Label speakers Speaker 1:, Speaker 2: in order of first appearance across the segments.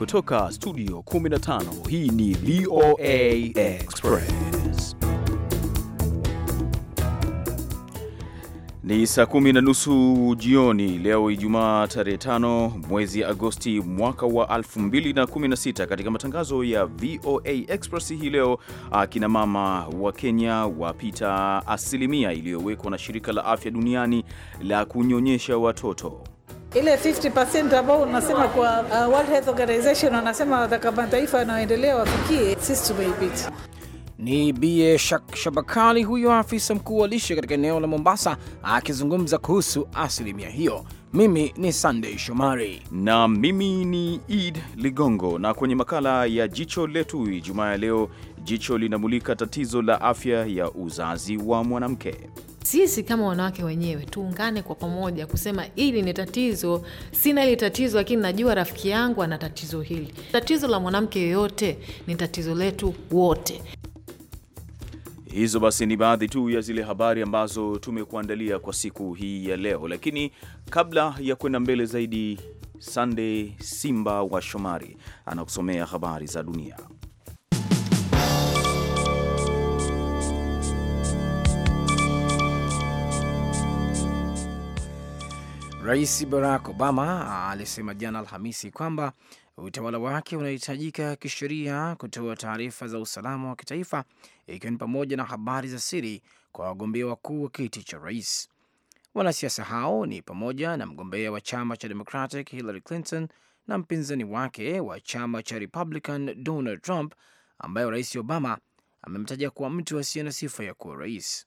Speaker 1: Kutoka studio 15 hii ni VOA Express. Ni saa kumi na nusu jioni leo Ijumaa tarehe 5 mwezi Agosti mwaka wa 2016. Katika matangazo ya VOA Express hii leo, akina mama wa Kenya wapita asilimia iliyowekwa na shirika la afya duniani la kunyonyesha watoto
Speaker 2: ile 50% ambao unasema kwa uh, World Health Organization wanasema wataka mataifa yanayoendelea wafikie, sisi tumeipita.
Speaker 3: Ni Bie Shak Shabakali, huyo afisa mkuu wa lishe katika eneo la Mombasa akizungumza kuhusu asilimia hiyo. Mimi ni Sunday Shomari
Speaker 1: na mimi ni ed Ligongo, na kwenye makala ya jicho letu Ijumaa ya leo, jicho linamulika tatizo la afya ya uzazi wa mwanamke
Speaker 4: sisi kama wanawake wenyewe tuungane kwa pamoja kusema hili ni tatizo, sina hili tatizo, lakini najua rafiki yangu ana tatizo hili. Tatizo la mwanamke yoyote ni tatizo letu wote.
Speaker 1: Hizo basi ni baadhi tu ya zile habari ambazo tumekuandalia kwa siku hii ya leo, lakini kabla ya kwenda mbele zaidi, sandey Simba wa Shomari anakusomea habari za dunia.
Speaker 3: Rais Barack Obama alisema jana Alhamisi kwamba utawala wake unahitajika kisheria kutoa taarifa za usalama wa kitaifa ikiwa ni pamoja na habari za siri kwa wagombea wakuu wa kiti cha rais. Wanasiasa hao ni pamoja na mgombea wa chama cha Democratic Hillary Clinton na mpinzani wake wa chama cha Republican Donald Trump, ambayo Rais Obama amemtaja kuwa mtu asiye na sifa ya kuwa rais.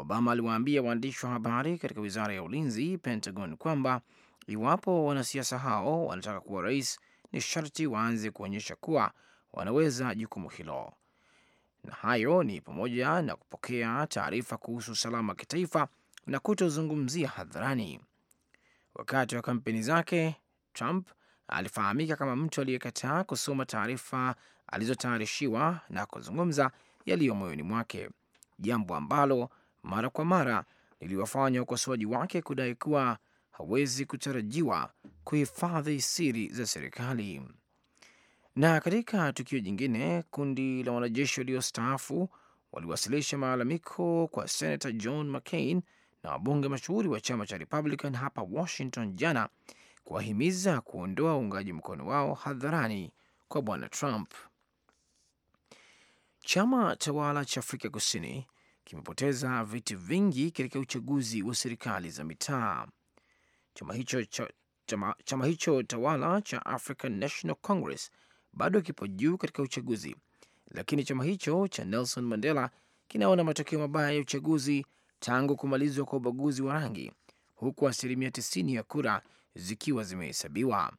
Speaker 3: Obama aliwaambia waandishi wa habari katika wizara ya ulinzi, Pentagon, kwamba iwapo wanasiasa hao wanataka kuwa rais ni sharti waanze kuonyesha kuwa wanaweza jukumu hilo, na hayo ni pamoja na kupokea taarifa kuhusu usalama wa kitaifa na kutozungumzia hadharani. Wakati wa kampeni zake, Trump alifahamika kama mtu aliyekataa kusoma taarifa alizotayarishiwa na kuzungumza yaliyo moyoni mwake, jambo ambalo mara kwa mara liliwafanya ukosoaji wake kudai kuwa hawezi kutarajiwa kuhifadhi siri za serikali. Na katika tukio jingine, kundi la wanajeshi waliostaafu waliwasilisha malalamiko kwa Senator John McCain na wabunge mashuhuri wa chama cha Republican hapa Washington jana kuwahimiza kuondoa uungaji mkono wao hadharani kwa bwana Trump. Chama tawala cha Afrika Kusini kimepoteza viti vingi katika uchaguzi wa serikali za mitaa. Chama hicho, cha, chama, chama hicho tawala cha African National Congress bado kipo juu katika uchaguzi, lakini chama hicho cha Nelson Mandela kinaona matokeo mabaya ya uchaguzi tangu kumalizwa kwa ubaguzi wa rangi, huku asilimia 90 ya kura zikiwa zimehesabiwa.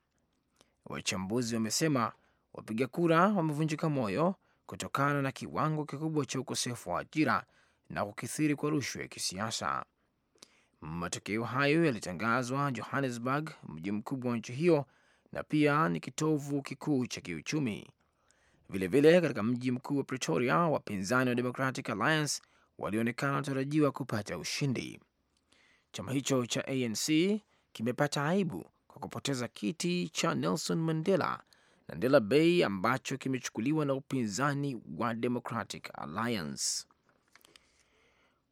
Speaker 3: Wachambuzi wamesema wapiga kura wamevunjika moyo kutokana na kiwango kikubwa cha ukosefu wa ajira na kukithiri kwa rushwa ya kisiasa. Matokeo hayo yalitangazwa Johannesburg, mji mkubwa wa nchi hiyo, na pia ni kitovu kikuu cha kiuchumi. Vilevile, katika mji mkuu wa Pretoria, wapinzani wa Democratic Alliance walionekana wanatarajiwa kupata ushindi. Chama hicho cha ANC kimepata aibu kwa kupoteza kiti cha Nelson Mandela Mandela Bay ambacho kimechukuliwa na upinzani wa Democratic Alliance.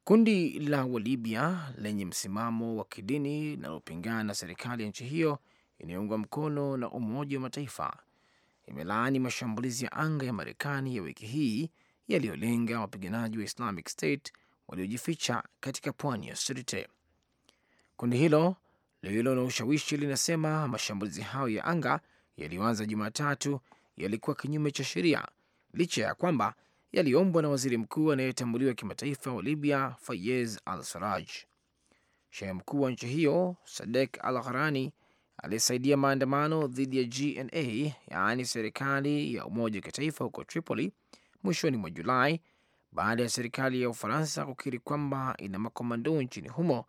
Speaker 3: Kundi la Walibya lenye msimamo wa kidini linalopingana na serikali ya nchi hiyo inayoungwa mkono na Umoja wa Mataifa imelaani mashambulizi ya anga ya Marekani ya wiki hii yaliyolenga wapiganaji wa Islamic State waliojificha katika pwani ya Sirte. Kundi hilo lililo na ushawishi linasema mashambulizi hayo ya anga yaliyoanza Jumatatu yalikuwa kinyume cha sheria licha ya kwamba yaliyoombwa na waziri mkuu anayetambuliwa kimataifa wa Libya Fayez al Saraj. Shehe mkuu wa nchi hiyo Sadek al Gharani aliyesaidia maandamano dhidi ya GNA, yaani serikali ya umoja wa kitaifa huko Tripoli mwishoni mwa Julai, baada ya serikali ya Ufaransa kukiri kwamba ina makomando nchini humo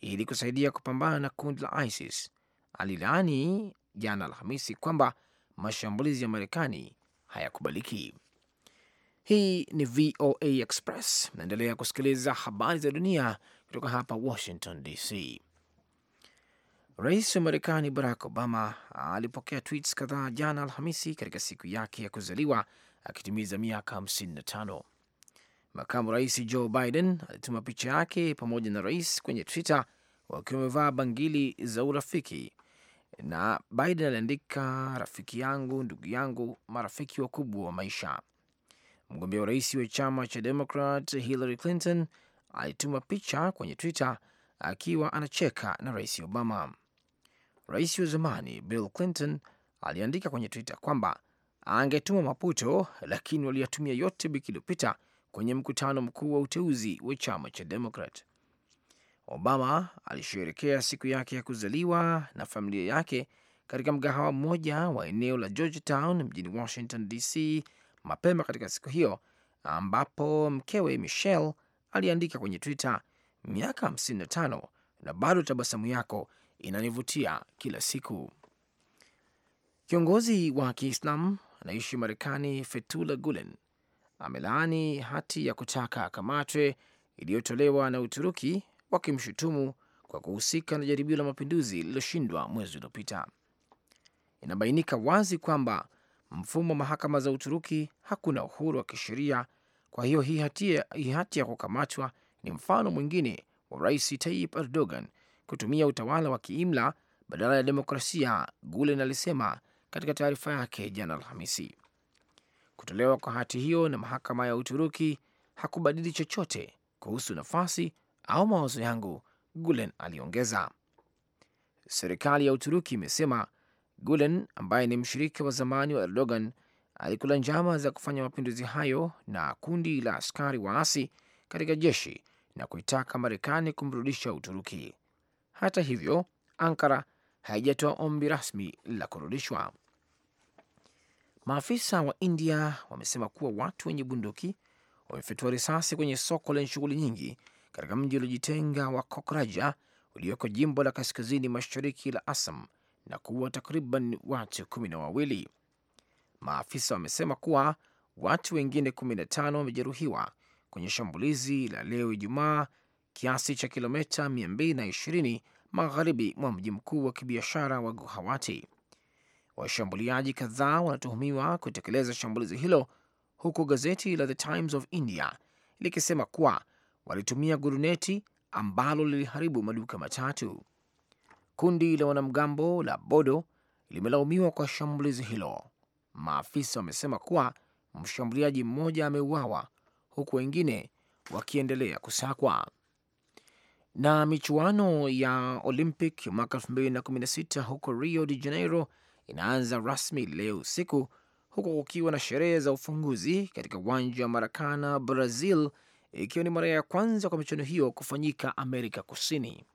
Speaker 3: ili kusaidia kupambana na kundi la ISIS. Alilaani jana Alhamisi kwamba mashambulizi ya Marekani hayakubaliki. Hii ni VOA Express, naendelea kusikiliza habari za dunia kutoka hapa Washington DC. Rais wa Marekani Barack Obama alipokea tweets kadhaa jana Alhamisi katika siku yake ya kuzaliwa akitimiza miaka 55. Makamu Rais Joe Biden alituma picha yake pamoja na rais kwenye Twitter wakiwa wamevaa bangili za urafiki, na Biden aliandika, rafiki yangu, ndugu yangu, marafiki wakubwa wa maisha mgombea urais wa chama cha Demokrat Hillary Clinton alituma picha kwenye Twitter akiwa anacheka na rais Obama. Rais wa zamani Bill Clinton aliandika kwenye Twitter kwamba angetuma maputo, lakini waliyatumia yote wiki iliyopita kwenye mkutano mkuu wa uteuzi wa chama cha Demokrat. Obama alisherekea siku yake ya kuzaliwa na familia yake katika mgahawa mmoja wa eneo la Georgetown mjini Washington DC mapema katika siku hiyo, ambapo mkewe Michelle aliandika kwenye Twitter, miaka 55 na bado tabasamu yako inanivutia kila siku. Kiongozi wa Kiislam anaishi Marekani Fethullah Gulen amelaani hati ya kutaka akamatwe iliyotolewa na Uturuki wakimshutumu kwa kuhusika na jaribio la mapinduzi lililoshindwa mwezi uliopita. Inabainika wazi kwamba mfumo wa mahakama za Uturuki hakuna uhuru wa kisheria. Kwa hiyo hii hati ya kukamatwa ni mfano mwingine wa Rais Tayyip Erdogan kutumia utawala wa kiimla badala ya demokrasia, Gulen alisema katika taarifa yake jana Alhamisi. Kutolewa kwa hati hiyo na mahakama ya Uturuki hakubadili chochote kuhusu nafasi au mawazo yangu, Gulen aliongeza. Serikali ya Uturuki imesema Gulen ambaye ni mshirika wa zamani wa Erdogan alikula njama za kufanya mapinduzi hayo na kundi la askari waasi katika jeshi na kuitaka Marekani kumrudisha Uturuki. Hata hivyo, Ankara haijatoa ombi rasmi la kurudishwa. Maafisa wa India wamesema kuwa watu wenye bunduki wamefyatua risasi kwenye soko lenye shughuli nyingi katika mji uliojitenga wa Kokraja ulioko jimbo la kaskazini mashariki la Assam na kuwa takriban watu kumi na wawili. Maafisa wamesema kuwa watu wengine 15 wamejeruhiwa kwenye shambulizi la leo Ijumaa, kiasi cha kilomita 220 magharibi mwa mji mkuu wa kibiashara wa Guhawati. Washambuliaji kadhaa wanatuhumiwa kutekeleza shambulizi hilo, huku gazeti la The Times of India likisema kuwa walitumia guruneti ambalo liliharibu maduka matatu. Kundi la wanamgambo la Bodo limelaumiwa kwa shambulizi hilo. Maafisa wamesema kuwa mshambuliaji mmoja ameuawa huku wengine wakiendelea kusakwa. Na michuano ya Olympic mwaka 2016 huko Rio de Janeiro inaanza rasmi leo usiku huku kukiwa na sherehe za ufunguzi katika uwanja wa Marakana, Brazil, ikiwa ni mara ya kwanza kwa michuano hiyo kufanyika Amerika Kusini.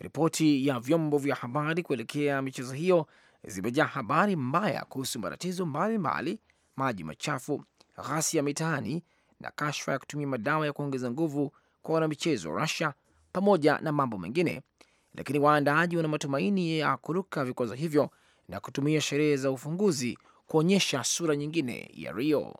Speaker 3: Ripoti ya vyombo vya habari kuelekea michezo hiyo zimejaa habari mbaya kuhusu matatizo mbalimbali, maji machafu, ghasia mitaani na kashfa ya kutumia madawa ya kuongeza nguvu kwa wanamichezo wa Rusia, pamoja na mambo mengine, lakini waandaaji wana matumaini ya kuruka vikwazo hivyo na kutumia sherehe za ufunguzi kuonyesha sura nyingine ya Rio.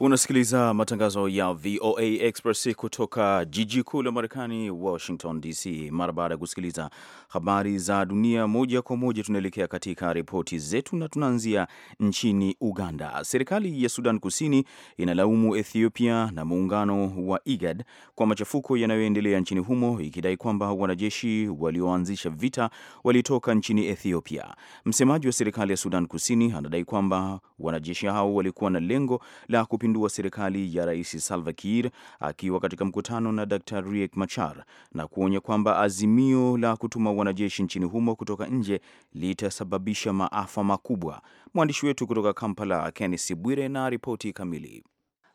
Speaker 1: Unasikiliza matangazo ya VOA Express kutoka jiji kuu la Marekani, Washington DC. Mara baada ya kusikiliza habari za dunia moja kwa moja, tunaelekea katika ripoti zetu na tunaanzia nchini Uganda. Serikali ya Sudan Kusini inalaumu Ethiopia na muungano wa IGAD kwa machafuko yanayoendelea nchini humo, ikidai kwamba wanajeshi walioanzisha vita walitoka nchini Ethiopia. Msemaji wa serikali ya Sudan Kusini anadai kwamba wanajeshi hao walikuwa na lengo la kuipindua serikali ya Rais Salva Kiir akiwa katika mkutano na Dr Riek Machar na kuonya kwamba azimio la kutuma wanajeshi nchini humo kutoka nje litasababisha maafa makubwa. Mwandishi wetu kutoka Kampala, Kenneth Bwire,
Speaker 5: na ripoti kamili.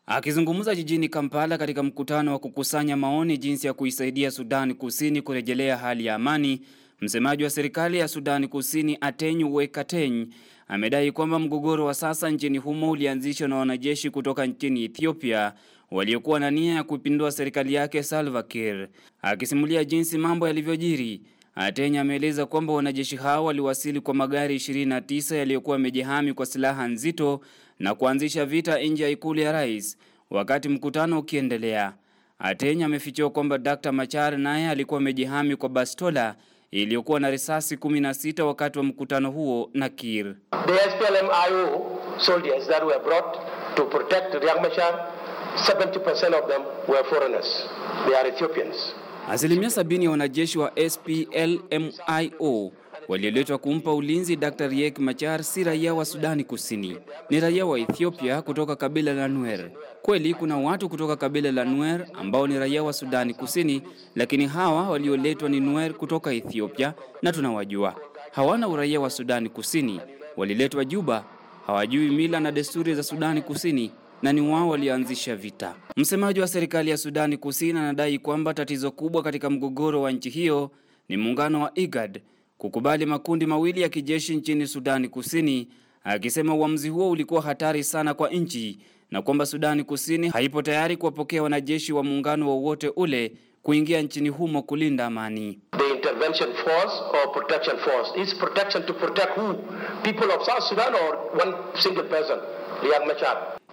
Speaker 5: Akizungumza jijini Kampala katika mkutano wa kukusanya maoni jinsi ya kuisaidia Sudan Kusini kurejelea hali ya amani Msemaji wa serikali ya Sudani Kusini Atenyu Wekateny amedai kwamba mgogoro wa sasa nchini humo ulianzishwa na wanajeshi kutoka nchini Ethiopia waliokuwa na nia ya kupindua serikali yake Salva Kiir. Akisimulia jinsi mambo yalivyojiri, Atenya ameeleza kwamba wanajeshi hao waliwasili kwa magari 29 yaliyokuwa yamejihami kwa silaha nzito na kuanzisha vita nje ya ikulu ya rais wakati mkutano ukiendelea. Atenya amefichua kwamba Dr. Machar naye alikuwa amejihami kwa bastola iliyokuwa na risasi 16 wakati wa mkutano huo na Kir.
Speaker 6: The SPLM-IO soldiers that were brought to protect Riek Machar, 70% of them were foreigners. They are Ethiopians.
Speaker 5: Asilimia sabini ya wanajeshi wa SPLM-IO walioletwa kumpa ulinzi Dr. Riek Machar si raia wa Sudani Kusini, ni raia wa Ethiopia kutoka kabila la Nuer. Kweli kuna watu kutoka kabila la Nuer ambao ni raia wa Sudani Kusini, lakini hawa walioletwa ni Nuer kutoka Ethiopia na tunawajua. Hawana uraia wa Sudani Kusini, waliletwa Juba, hawajui mila na desturi za Sudani Kusini na ni wao walioanzisha vita. Msemaji wa serikali ya Sudani Kusini anadai kwamba tatizo kubwa katika mgogoro wa nchi hiyo ni muungano wa IGAD kukubali makundi mawili ya kijeshi nchini Sudani Kusini, akisema uamuzi huo ulikuwa hatari sana kwa nchi na kwamba Sudani Kusini haipo tayari kuwapokea wanajeshi wa muungano wowote ule kuingia nchini humo kulinda amani.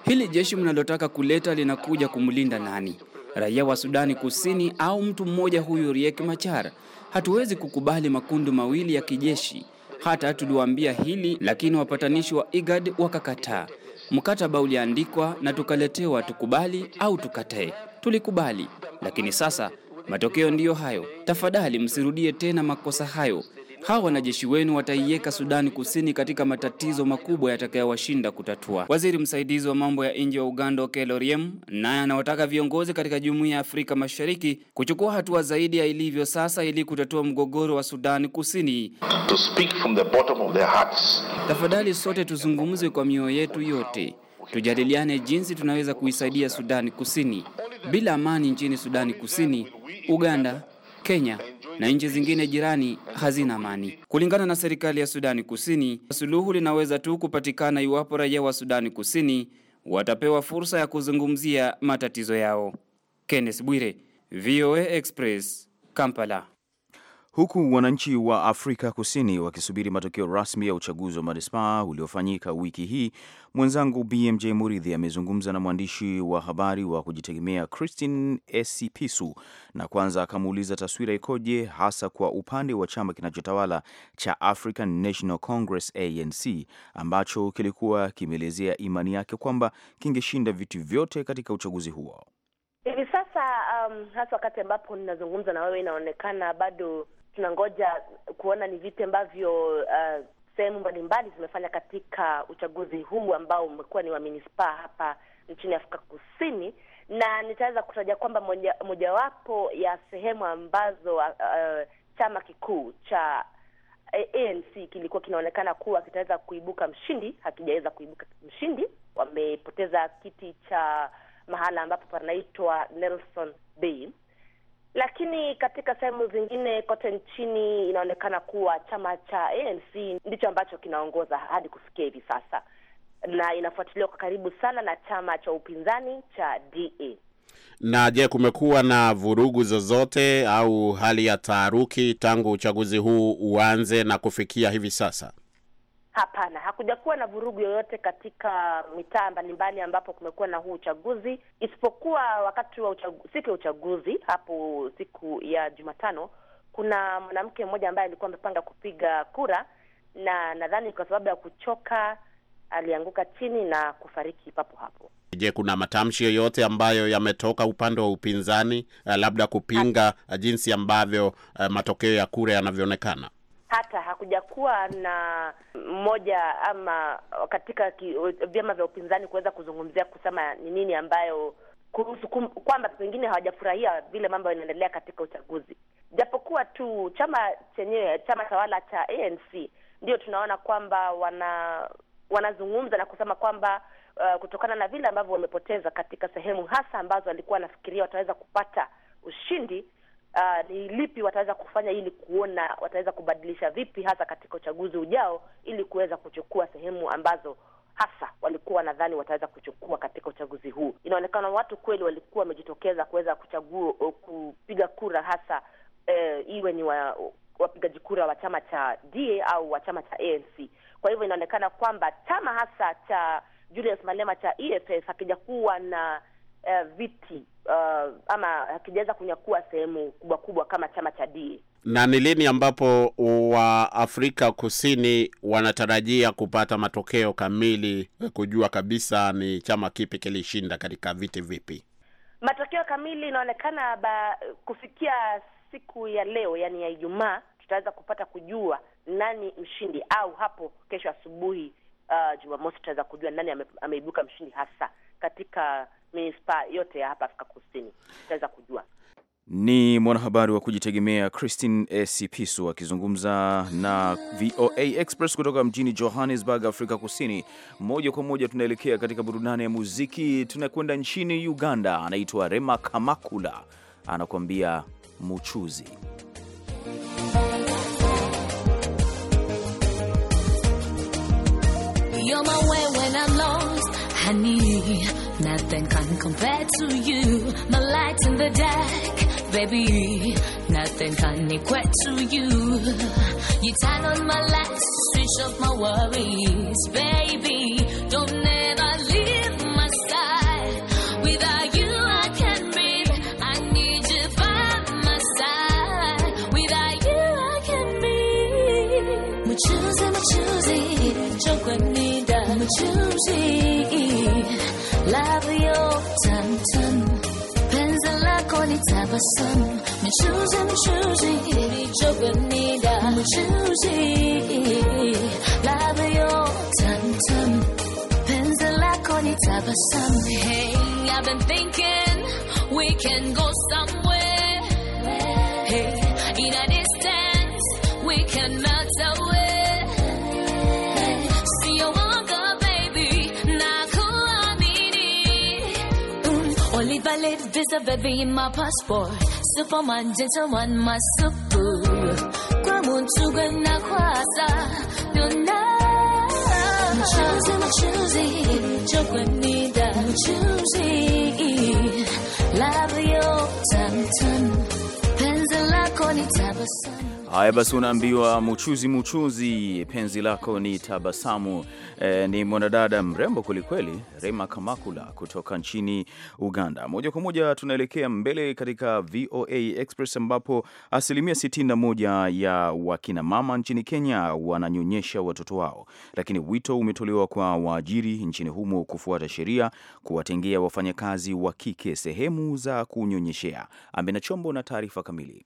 Speaker 5: Hili jeshi mnalotaka kuleta linakuja kumlinda nani? raia wa Sudani Kusini au mtu mmoja huyu Riek Machar. Hatuwezi kukubali makundi mawili ya kijeshi, hata tuliwaambia hili, lakini wapatanishi wa IGAD wakakataa. Mkataba uliandikwa na tukaletewa, tukubali au tukatae. Tulikubali, lakini sasa matokeo ndiyo hayo. Tafadhali msirudie tena makosa hayo. Hawa wanajeshi wenu wataiweka Sudani Kusini katika matatizo makubwa yatakayowashinda kutatua. Waziri msaidizi wa mambo ya nje wa Uganda Okello Oryem naye anawataka viongozi katika Jumuiya ya Afrika Mashariki kuchukua hatua zaidi ya ilivyo sasa ili kutatua mgogoro wa Sudani Kusini. To speak from the bottom of their hearts. Tafadhali sote tuzungumze kwa mioyo yetu yote. Tujadiliane jinsi tunaweza kuisaidia Sudani Kusini. Bila amani nchini Sudani Kusini, Uganda, Kenya na nchi zingine jirani hazina amani. Kulingana na serikali ya Sudani Kusini, suluhu linaweza tu kupatikana iwapo raia wa Sudani Kusini watapewa fursa ya kuzungumzia matatizo yao. Kenneth Bwire, VOA Express, Kampala
Speaker 1: huku wananchi wa Afrika Kusini wakisubiri matokeo rasmi ya uchaguzi wa manispaa uliofanyika wiki hii, mwenzangu BMJ Muridhi amezungumza na mwandishi wa habari wa kujitegemea Christine Esipisu na kwanza akamuuliza taswira ikoje hasa kwa upande wa chama kinachotawala cha African National Congress ANC ambacho kilikuwa kimeelezea imani yake kwamba kingeshinda viti vyote katika uchaguzi huo.
Speaker 7: Hivi sasa um, hasa wakati ambapo ninazungumza na wewe, inaonekana bado tunangoja kuona ni vipi ambavyo uh, sehemu mbalimbali zimefanya katika uchaguzi huu ambao umekuwa ni wa manispaa hapa nchini Afrika Kusini, na nitaweza kutaja kwamba mojawapo moja ya sehemu ambazo uh, chama kikuu cha ANC kilikuwa kinaonekana kuwa kitaweza kuibuka mshindi, hakijaweza kuibuka mshindi. Wamepoteza kiti cha mahala ambapo panaitwa Nelson Bay lakini katika sehemu zingine kote nchini inaonekana kuwa chama cha ANC ndicho ambacho kinaongoza hadi kufikia hivi sasa, na inafuatiliwa kwa karibu sana na chama cha upinzani cha DA.
Speaker 5: Na je, kumekuwa na vurugu zozote au hali ya taharuki tangu uchaguzi huu uanze na kufikia hivi sasa?
Speaker 7: Hapana, hakujakuwa na vurugu yoyote katika mitaa mbalimbali ambapo kumekuwa na huu uchaguzi, isipokuwa wakati wa uchagu, siku ya uchaguzi hapo siku ya Jumatano, kuna mwanamke mmoja ambaye alikuwa amepanga kupiga kura, na nadhani kwa sababu ya kuchoka alianguka chini na kufariki papo hapo.
Speaker 5: Je, kuna matamshi yoyote ambayo yametoka upande wa upinzani, eh, labda kupinga eh, jinsi ambavyo eh, matokeo ya kura yanavyoonekana?
Speaker 7: Hata hakuja kuwa na mmoja ama katika vyama vya upinzani kuweza kuzungumzia kusema ni nini ambayo kuhusu kwamba pengine hawajafurahia vile mambo yanaendelea katika uchaguzi, japokuwa tu chama chenyewe chama tawala cha ANC ndio tunaona kwamba wana wanazungumza na kusema kwamba uh, kutokana na vile ambavyo wamepoteza katika sehemu hasa ambazo walikuwa wanafikiria wataweza kupata ushindi uh, ni lipi wataweza kufanya ili kuona wataweza kubadilisha vipi hasa katika uchaguzi ujao ili kuweza kuchukua sehemu ambazo hasa walikuwa nadhani wataweza kuchukua katika uchaguzi huu. Inaonekana watu kweli walikuwa wamejitokeza kuweza kuchagua uh, kupiga kura hasa eh, iwe ni wa, wapigaji kura wa chama cha DA au wa chama cha ANC. Kwa hivyo inaonekana kwamba chama hasa cha Julius Malema cha EFF hakijakuwa na uh, viti uh, ama hakijaweza kunyakua sehemu kubwa kubwa kama chama cha DA.
Speaker 5: Na ni lini ambapo wa Afrika Kusini wanatarajia kupata matokeo kamili eh, kujua kabisa ni chama kipi kilishinda katika viti vipi?
Speaker 7: Matokeo kamili inaonekana ba kufikia siku ya leo, yani ya Ijumaa, tutaweza kupata kujua nani mshindi, au hapo kesho asubuhi uh, Jumamosi tutaweza kujua nani ame, ameibuka mshindi hasa katika manispaa yote ya hapa Afrika Kusini, Utaweza kujua.
Speaker 1: Ni mwanahabari wa kujitegemea Christine Esipisu akizungumza na VOA Express kutoka mjini Johannesburg, Afrika Kusini. Moja kwa moja tunaelekea katika burudani ya muziki, tunakwenda nchini Uganda. Anaitwa Rema Kamakula, anakuambia Muchuzi.
Speaker 8: Yoma wewe na honey. Nothing can compare to you. My light in the dark, baby. Nothing can equate to you. You turn on my lights, switch off my worries, baby. Don't. tabasamu mchuzi mchuzi ilichoganida mchuzi ladha yo tamtam penzi lako ni tabasamu hey I've been thinking we can go somewhere hey in a distance we can melt away taste baby in my passport. Superman, gentleman, my super. Come Kwamun chugan na kwasa. Nuna. I'm choosing, I'm choosing. Chokwe nida. I'm choosing. Love you, tam tam. Pencil lakoni tabasani.
Speaker 1: Haya basi, unaambiwa muchuzi muchuzi, penzi lako ni tabasamu. E, ni mwanadada mrembo kwelikweli, Rema Kamakula kutoka nchini Uganda. Moja kwa moja tunaelekea mbele katika VOA Express ambapo asilimia 61 ya wakinamama nchini Kenya wananyonyesha watoto wao, lakini wito umetolewa kwa waajiri nchini humo kufuata sheria kuwatengea wafanyakazi wa kike sehemu za kunyonyeshea. Ambe Chombo na taarifa kamili.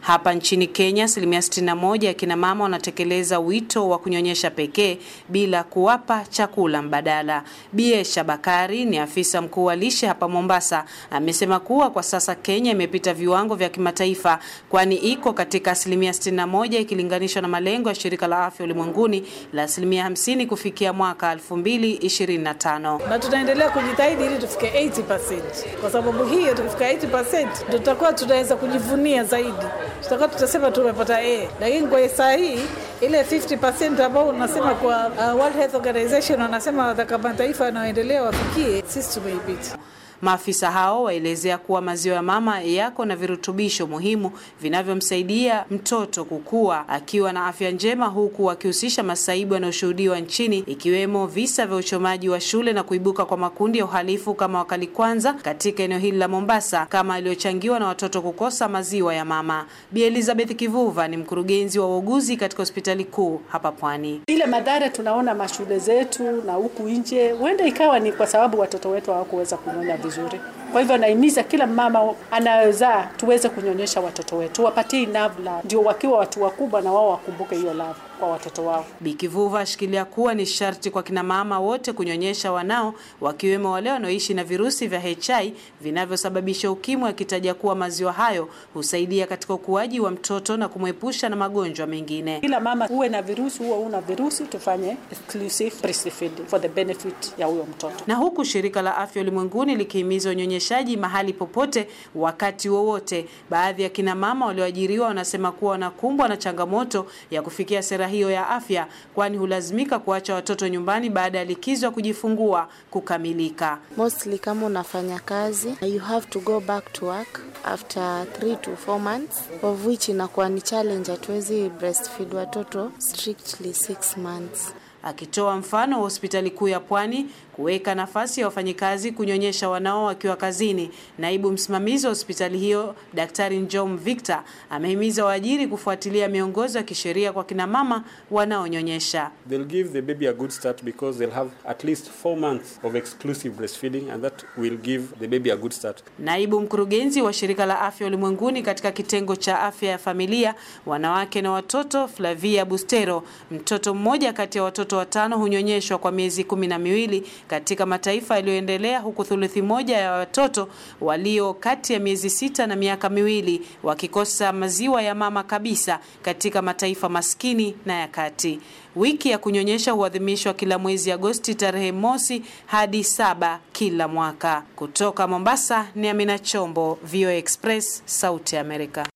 Speaker 2: Hapa nchini Kenya, asilimia 61 ya kina mama wanatekeleza wito wa kunyonyesha pekee bila kuwapa chakula mbadala. Bie Shabakari ni afisa mkuu wa lishe hapa Mombasa, amesema kuwa kwa sasa Kenya imepita viwango vya kimataifa, kwani iko katika asilimia 61 ikilinganishwa na malengo ya Shirika la Afya Ulimwenguni la asilimia 50 kufikia mwaka 2025. Na tunaendelea kujitahidi ili tufike 80%, kwa sababu hiyo tukifika 80% tutakuwa tunaweza kujivunia zaidi tutakuwa tutasema tumepata A, lakini kwa saa hii ile 50% ambao unasema kwa uh, World Health Organization wanasema wataka mataifa yanayoendelea wafikie, sisi tumeipita. Maafisa hao waelezea kuwa maziwa ya mama yako na virutubisho muhimu vinavyomsaidia mtoto kukua akiwa na afya njema, huku wakihusisha masaibu yanayoshuhudiwa nchini ikiwemo visa vya uchomaji wa shule na kuibuka kwa makundi ya uhalifu kama Wakali Kwanza katika eneo hili la Mombasa, kama aliyochangiwa na watoto kukosa maziwa ya mama. Bi Elizabeth Kivuva ni mkurugenzi wa wauguzi katika hospitali kuu hapa Pwani. Ile madhara tunaona mashule zetu na huku nje, huenda ikawa ni kwa sababu watoto wetu hawakuweza kunona vizuri. Kwa hivyo nahimiza kila mama anayozaa tuweze kunyonyesha watoto wetu, tuwapatie enough love, ndio wakiwa watu wakubwa na wao wakumbuke hiyo love kwa watoto wao. Bikivuva ashikilia kuwa ni sharti kwa kinamama wote kunyonyesha wanao, wakiwemo wale wanaoishi na virusi vya HIV vinavyosababisha ukimwi, akitaja kuwa maziwa hayo husaidia katika ukuaji wa mtoto na kumwepusha na magonjwa mengine. Kila mama uwe na virusi huo una virusi, tufanye exclusive breastfeed for the benefit ya huyo mtoto. Na huku shirika la afya ulimwenguni likihimiza unyonyeshaji mahali popote, wakati wowote, baadhi ya kinamama walioajiriwa wanasema kuwa wanakumbwa na changamoto ya kufikia sera wizara hiyo ya afya, kwani hulazimika kuacha watoto nyumbani baada ya likizo ya kujifungua kukamilika. Mostly kama unafanya kazi, you have to go back to work after 3 to 4 months of which inakuwa ni challenge, hatuwezi breastfeed watoto strictly 6 months. Akitoa mfano wa hospitali kuu ya Pwani kuweka nafasi ya wafanyikazi kunyonyesha wanao wakiwa kazini. Naibu msimamizi wa hospitali hiyo Daktari Njom Victor amehimiza waajiri kufuatilia miongozo ya kisheria kwa kina mama wanaonyonyesha.
Speaker 5: They'll give the baby a good start because they'll have at least four months of exclusive breastfeeding and that will give the baby a good start.
Speaker 2: Naibu mkurugenzi wa shirika la afya ulimwenguni katika kitengo cha afya ya familia, wanawake na watoto Flavia Bustero, mtoto mmoja kati ya watoto watano hunyonyeshwa kwa miezi kumi na miwili katika mataifa yaliyoendelea, huku thuluthi moja ya watoto walio kati ya miezi sita na miaka miwili wakikosa maziwa ya mama kabisa katika mataifa maskini na ya kati. Wiki ya kunyonyesha huadhimishwa kila mwezi Agosti tarehe mosi hadi saba kila mwaka. Kutoka Mombasa ni Amina Chombo, VOA Express, Sauti ya Amerika.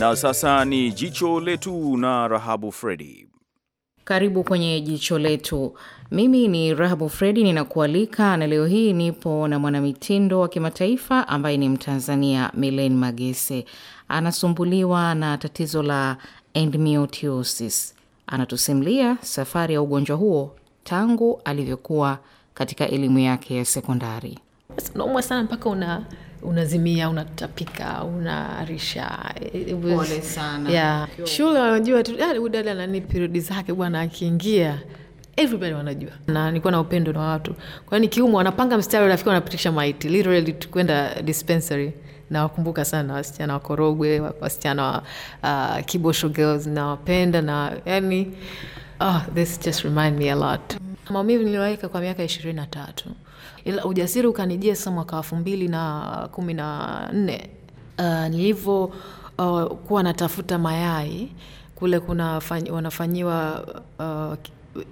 Speaker 1: Na sasa ni jicho letu na Rahabu Fredi.
Speaker 4: Karibu kwenye jicho letu. Mimi ni Rahabu Fredi, ninakualika na leo hii nipo na mwanamitindo wa kimataifa ambaye ni Mtanzania, Milen Magese. Anasumbuliwa na tatizo la endometriosis. Anatusimulia safari ya ugonjwa huo tangu alivyokuwa katika elimu yake ya sekondari. Naumwa sana mpaka una unazimia, unatapika, unarisha. Yeah. Shule wanajua tu dada nani periodi zake bwana akiingia everybody wanajua na nikuwa na upendo na watu kwa hiyo nikiumwa wanapanga mstari rafiki wanapitisha maiti literally tukwenda dispensary nawakumbuka sana wasichana wa korogwe wasichana wa uh, kibosho girls nawapenda na yani oh, this just remind me a lot maumivu nilioweka kwa miaka ishirini na tatu ila ujasiri ukanijia sasa mwaka elfu mbili na kumi na nne uh, nilivyo uh, kuwa natafuta mayai kule kuna wanafanyiwa uh,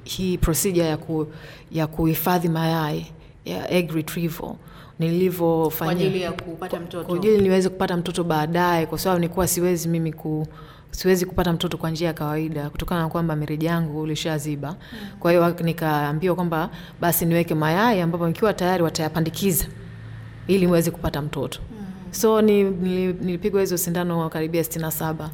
Speaker 4: hii procedure ya, ku, ya kuhifadhi mayai ya egg retrieval nilivyofanyia kwa ajili niweze kupata mtoto baadaye, kwa sababu nilikuwa siwezi mimi ku, siwezi kupata mtoto kwa njia ya kawaida kutokana na kwamba mirija yangu ulishaziba. Mm. Kwa hiyo nikaambiwa kwamba basi niweke mayai ambapo nikiwa tayari watayapandikiza ili niweze kupata mtoto. Mm. So ni, ni, nilipigwa hizo sindano karibia sitini saba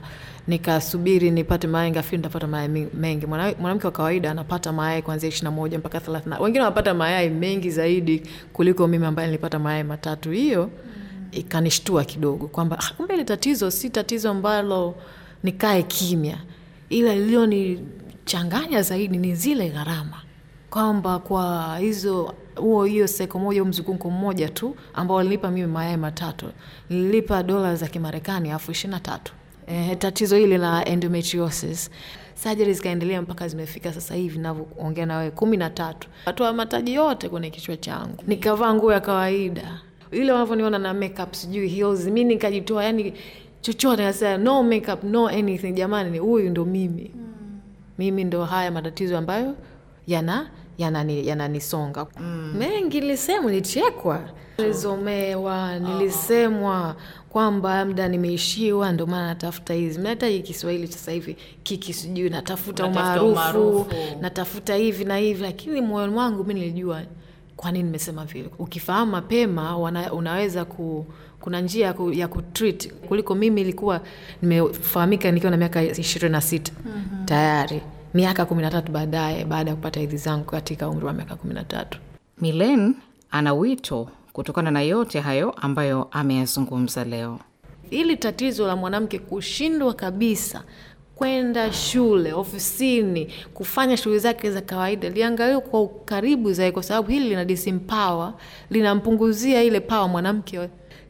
Speaker 4: nikasubiri nipate mayai ngafikiri ntapata mayai mengi. Mwanamke wa kawaida anapata mayai kuanzia ishirini na moja mpaka thelathini wengine wanapata mayai mengi zaidi kuliko mimi ambaye nilipata mayai matatu. Hiyo mm. ikanishtua kidogo kwamba ah, kumbe ile tatizo si tatizo ambalo nikae kimya, ila iliyonichanganya zaidi ni zile gharama, kwamba kwa hizo huo hiyo seko moja u mzunguko mmoja tu ambao walinipa mimi mayai matatu nililipa dola za Kimarekani alfu ishirini na tatu. E, tatizo hili la endometriosis sajeri zikaendelea mpaka zimefika sasa hivi navyoongea nawe kumi na tatu. atoa mataji yote kwenye kichwa changu, nikavaa nguo ya kawaida ile wanavyoniona na makeup, sijui heels, mi nikajitoa yani chochote asa no makeup, no anything. Jamani, huyu ndo mimi mm. mimi ndo haya matatizo ambayo yana yananisonga yana mm. mengi. Nilisemwa, nilichekwa, nilizomewa, ah. nilisemwa kwamba mda nimeishiwa, ndo maana natafuta hizi, hii Kiswahili sasa hivi kiki, sijui natafuta umaarufu, natafuta hivi na hivi, lakini moyoni mwangu mi nilijua kwa nini nimesema vile. Ukifahamu mapema wana, unaweza ku, kuna njia ku, ya kutreat kuliko mimi ilikuwa nimefahamika nikiwa na miaka ishirini na sita mm-hmm. tayari miaka kumi na tatu baadaye baada ya kupata hidhi zangu katika umri wa miaka kumi na tatu. Milen ana wito kutokana na yote hayo ambayo ameyazungumza leo. Hili tatizo la mwanamke kushindwa kabisa kwenda shule, ofisini, kufanya shughuli zake za kawaida, liangaliwe kwa ukaribu zaidi, kwa sababu hili lina disempower, linampunguzia ile pawa mwanamke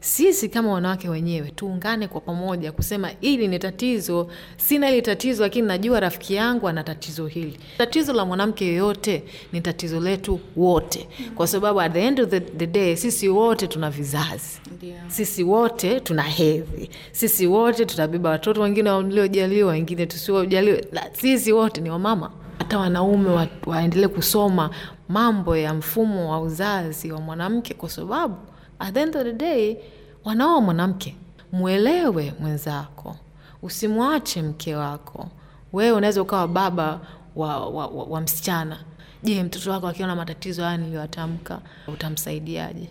Speaker 4: sisi kama wanawake wenyewe tuungane kwa pamoja kusema hili ni tatizo, sina hili tatizo, lakini najua rafiki yangu ana tatizo hili. Tatizo la mwanamke yoyote ni tatizo letu wote, mm-hmm. kwa sababu at the end of the, the day sisi wote tuna vizazi sisi wote tuna hedhi, sisi wote tutabeba watoto, wengine waliojaliwa, wengine tusiojaliwe Sisi wote ni wamama hata wanaume waendelee kusoma mambo ya mfumo wa uzazi wa mwanamke kwa sababu At the end of the day, wanao mwanamke, mwelewe mwenzako, usimwache mke wako. Wewe unaweza ukawa baba wa, wa, wa, wa msichana. Je, mtoto wako na matatizo haya niliyoyatamka utamsaidiaje?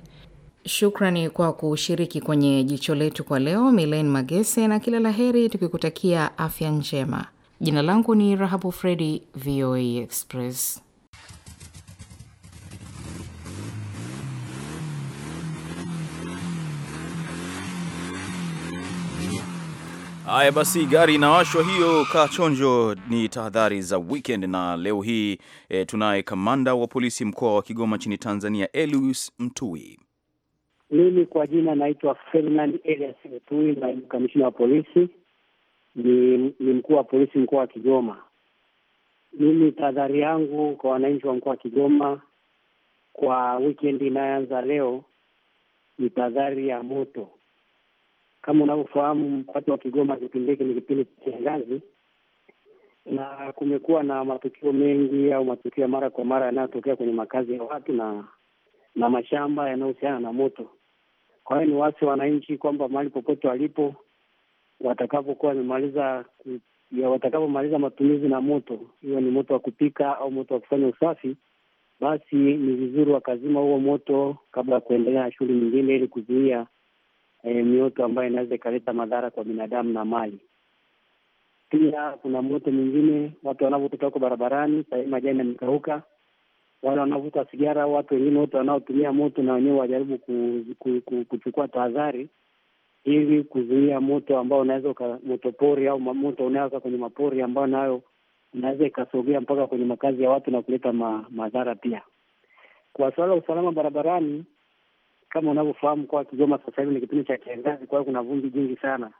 Speaker 4: Shukrani kwa kushiriki kwenye jicho letu kwa leo, Milen Magese, na kila la heri tukikutakia afya njema. Jina langu ni Rahabu Fredi, VOA Express.
Speaker 1: Haya basi, gari inawashwa hiyo. kachonjo ni tahadhari za weekend, na leo hii e, tunaye kamanda wa polisi mkoa wa Kigoma nchini Tanzania, Elius Mtui.
Speaker 6: Mimi kwa jina naitwa Ferdinand Elias Mtui, naibu kamishina wa polisi, ni, ni mkuu wa polisi mkoa wa Kigoma. Mimi tahadhari yangu kwa wananchi wa mkoa wa Kigoma kwa weekend inayoanza leo ni tahadhari ya moto kama unavyofahamu mpaka wa Kigoma kipindi hiki ni kipindi cha kiangazi, na kumekuwa na matukio mengi au matukio ya mara kwa mara yanayotokea kwenye makazi ya watu na na mashamba yanayohusiana na moto. Kwa hiyo ni wasi wananchi kwamba mahali popote walipo, watakapokuwa wamemaliza watakapomaliza matumizi na moto, hiyo ni moto wa kupika au moto wa kufanya usafi, basi ni vizuri wakazima huo moto kabla ya kuendelea na shughuli nyingine, ili kuzuia eh, mioto ambayo inaweza ikaleta madhara kwa binadamu na mali. Pia kuna moto mwingine, watu wanaovuta huko barabarani, sahii majani yamekauka, wale wanavuta sigara, watu wengine wote wanaotumia moto na wenyewe wajaribu ku, ku, ku, kuchukua tahadhari ili kuzuia moto ambao unaweza moto pori au moto unaoka kwenye mapori ambayo nayo inaweza ikasogea mpaka kwenye makazi ya watu na kuleta ma, madhara pia. Kwa suala la usalama barabarani, kama unavyofahamu kwa Kigoma sasa hivi ni kipindi cha kiangazi, kwa hiyo kuna vumbi jingi sana.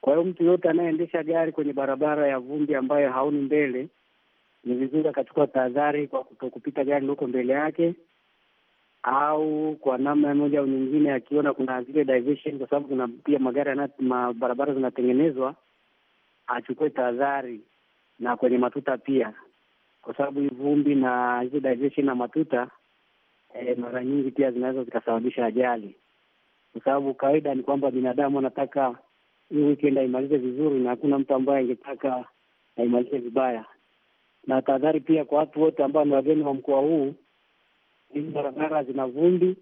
Speaker 6: Kwa hiyo mtu yoyote anayeendesha gari kwenye barabara ya vumbi ambayo haoni mbele, ni vizuri akachukua tahadhari kwa kutokupita gari liloko mbele yake, au kwa namna moja au nyingine akiona kuna zile diversion, kwa sababu kuna pia magari barabara zinatengenezwa, achukue tahadhari na kwenye matuta pia, kwa sababu hii vumbi na hizo diversion na matuta e, mara nyingi pia zinaweza zikasababisha ajali, kwa sababu kawaida ni kwamba binadamu anataka hii weekend aimalize vizuri, na hakuna mtu ambaye angetaka aimalize vibaya. Na tahadhari pia kwa watu wote ambao ni wageni wa mkoa huu, hizi barabara zina vumbi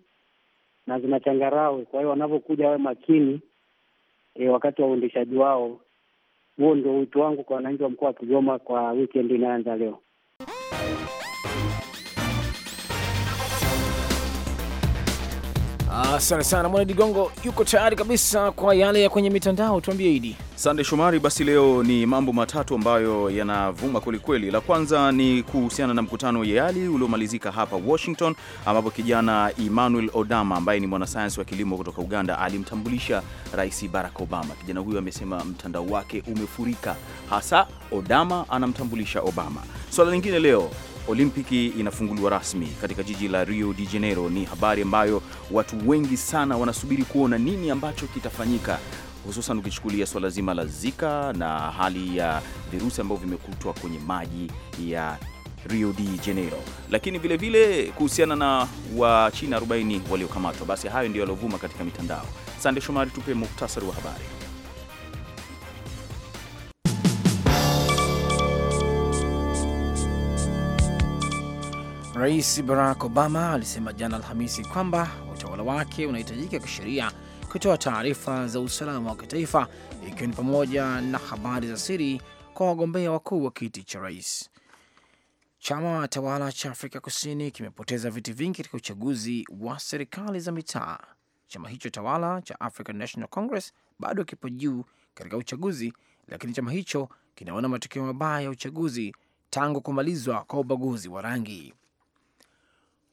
Speaker 6: na zina changarawe, kwa hiyo wanavyokuja wawe makini e, wakati wa uendeshaji wao. Huo ndio wito wangu kwa wananchi wa mkoa wa Kigoma kwa wikendi inayoanza leo.
Speaker 3: Asante sana Mwana Gongo, yuko tayari kabisa kwa yale ya kwenye mitandao. Tuambie Idi.
Speaker 1: Sande Shomari, basi leo ni mambo matatu ambayo yanavuma kwelikweli. La kwanza ni kuhusiana na mkutano wa YEALI uliomalizika hapa Washington, ambapo kijana Emmanuel Odama ambaye ni mwanasayansi wa kilimo kutoka Uganda alimtambulisha Rais Barack Obama. Kijana huyo amesema mtandao wake umefurika, hasa Odama anamtambulisha Obama. Swala lingine leo Olimpiki inafunguliwa rasmi katika jiji la Rio de Janeiro. Ni habari ambayo watu wengi sana wanasubiri kuona nini ambacho kitafanyika, hususan ukichukulia swala zima la Zika na hali ya virusi ambavyo vimekutwa kwenye maji ya Rio de Janeiro, lakini vilevile kuhusiana na Wachina 40 waliokamatwa. Basi hayo ndio yaliovuma katika mitandao. Sande Shomari, tupe muktasari wa habari.
Speaker 3: Rais Barack Obama alisema jana Alhamisi kwamba utawala wake unahitajika kisheria kutoa taarifa za usalama wa kitaifa ikiwa ni pamoja na habari za siri kwa wagombea wakuu wa kiti cha rais. Chama tawala cha Afrika Kusini kimepoteza viti vingi katika uchaguzi wa serikali za mitaa. Chama hicho tawala cha African National Congress bado kipo juu katika uchaguzi, lakini chama hicho kinaona matokeo mabaya ya uchaguzi tangu kumalizwa kwa ubaguzi wa rangi.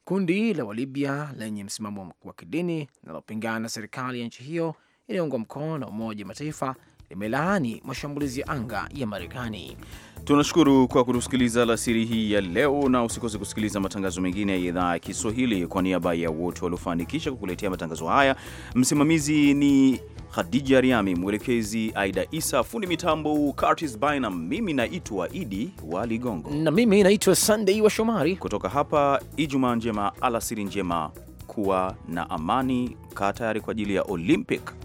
Speaker 3: Kundi la Walibya lenye msimamo wa kidini linalopingana na serikali ya nchi hiyo inayoungwa mkono na Umoja Mataifa limelaani mashambulizi ya anga ya Marekani.
Speaker 1: Tunashukuru kwa kutusikiliza alasiri hii ya leo, na usikose kusikiliza matangazo mengine ya idhaa ya Kiswahili. Kwa niaba ya wote waliofanikisha kukuletea matangazo haya, msimamizi ni Khadija Riami, mwelekezi Aida Isa, fundi mitambo Curtis Bynum. Mimi naitwa Idi wa Ligongo na mimi naitwa Sunday wa Shomari, kutoka hapa. Ijumaa njema, alasiri njema, kuwa na amani. Kaa tayari kwa ajili ya Olympic.